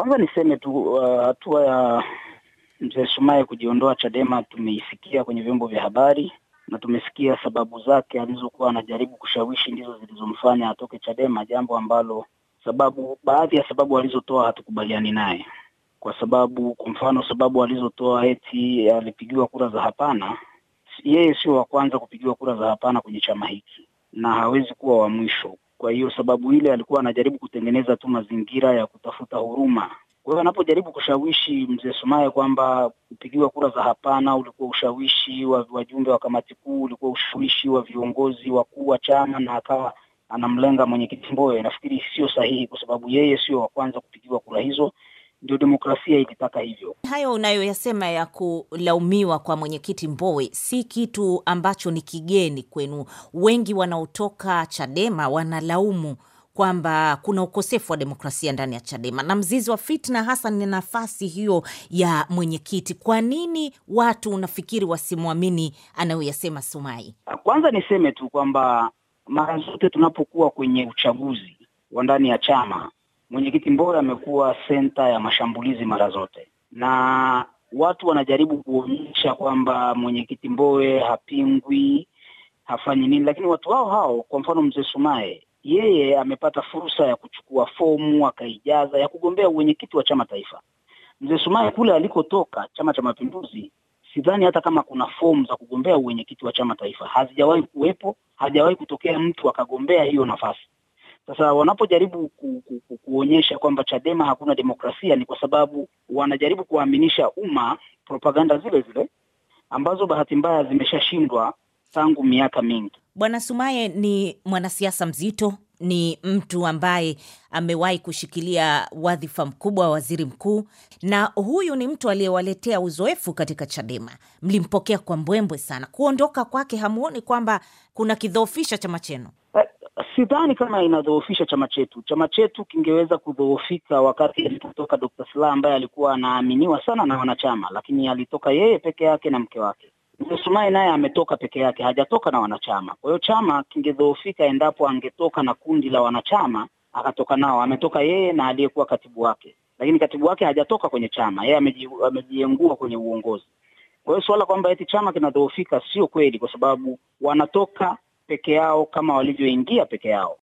Kwanza niseme tu uh, hatua uh, ya mzee Sumaye kujiondoa Chadema tumeisikia kwenye vyombo vya habari na tumesikia sababu zake alizokuwa anajaribu kushawishi ndizo zilizomfanya atoke Chadema, jambo ambalo sababu, baadhi ya sababu alizotoa hatukubaliani naye, kwa sababu kwa mfano sababu alizotoa eti alipigiwa kura za hapana. Yeye sio wa kwanza kupigiwa kura za hapana kwenye chama hiki na hawezi kuwa wa mwisho. Kwa hiyo sababu ile alikuwa anajaribu kutengeneza tu mazingira ya kutafuta huruma. Kwa hiyo anapojaribu kushawishi mzee Sumaye kwamba kupigiwa kura za hapana ulikuwa ushawishi wa wajumbe wa kamati kuu, ulikuwa ushawishi wa viongozi wakuu wa chama, na akawa anamlenga mwenyekiti Mbowe, nafikiri sio sahihi, kwa sababu yeye sio wa kwanza kupigiwa kura hizo, ndio demokrasia ilitaka hivyo. Hayo unayoyasema ya kulaumiwa kwa mwenyekiti Mbowe si kitu ambacho ni kigeni kwenu. Wengi wanaotoka Chadema wanalaumu kwamba kuna ukosefu wa demokrasia ndani ya Chadema na mzizi wa fitna hasa ni nafasi hiyo ya mwenyekiti. Kwa nini watu unafikiri wasimwamini anayoyasema Sumai? Kwanza niseme tu kwamba mara zote tunapokuwa kwenye uchaguzi wa ndani ya chama mwenyekiti Mbowe amekuwa senta ya mashambulizi mara zote, na watu wanajaribu kuonyesha kwamba mwenyekiti Mbowe hapingwi, hafanyi nini, lakini watu hao hao, kwa mfano mzee Sumaye, yeye amepata fursa ya kuchukua fomu akaijaza ya kugombea uwenyekiti wa chama taifa. Mzee Sumaye kule alikotoka Chama cha Mapinduzi, sidhani hata kama kuna fomu za kugombea uwenyekiti wa chama taifa, hazijawahi kuwepo, hajawahi kutokea mtu akagombea hiyo nafasi. Sasa wanapojaribu ku, ku, ku, kuonyesha kwamba Chadema hakuna demokrasia ni kwa sababu wanajaribu kuaminisha umma propaganda zile zile ambazo bahati mbaya zimeshashindwa tangu miaka mingi. Bwana Sumaye ni mwanasiasa mzito, ni mtu ambaye amewahi kushikilia wadhifa mkubwa wa waziri mkuu, na huyu ni mtu aliyewaletea uzoefu katika Chadema. Mlimpokea kwa mbwembwe sana. Kuondoka kwake, hamuoni kwamba kuna kidhoofisha chama chenu? sidhani kama inadhoofisha chama chetu. Chama chetu kingeweza kudhoofika wakati alipotoka Dr. slah ambaye alikuwa anaaminiwa sana na wanachama, lakini alitoka yeye peke yake na mke wake. sumai naye ametoka peke yake, hajatoka na wanachama. Kwa hiyo chama kingedhoofika endapo angetoka na kundi la wanachama akatoka nao. Ametoka yeye na aliyekuwa katibu wake, lakini katibu wake hajatoka kwenye chama, yeye amejiengua kwenye uongozi. Kwa hiyo suala kwamba eti chama kinadhoofika sio kweli, kwa sababu wanatoka peke yao kama walivyoingia peke yao.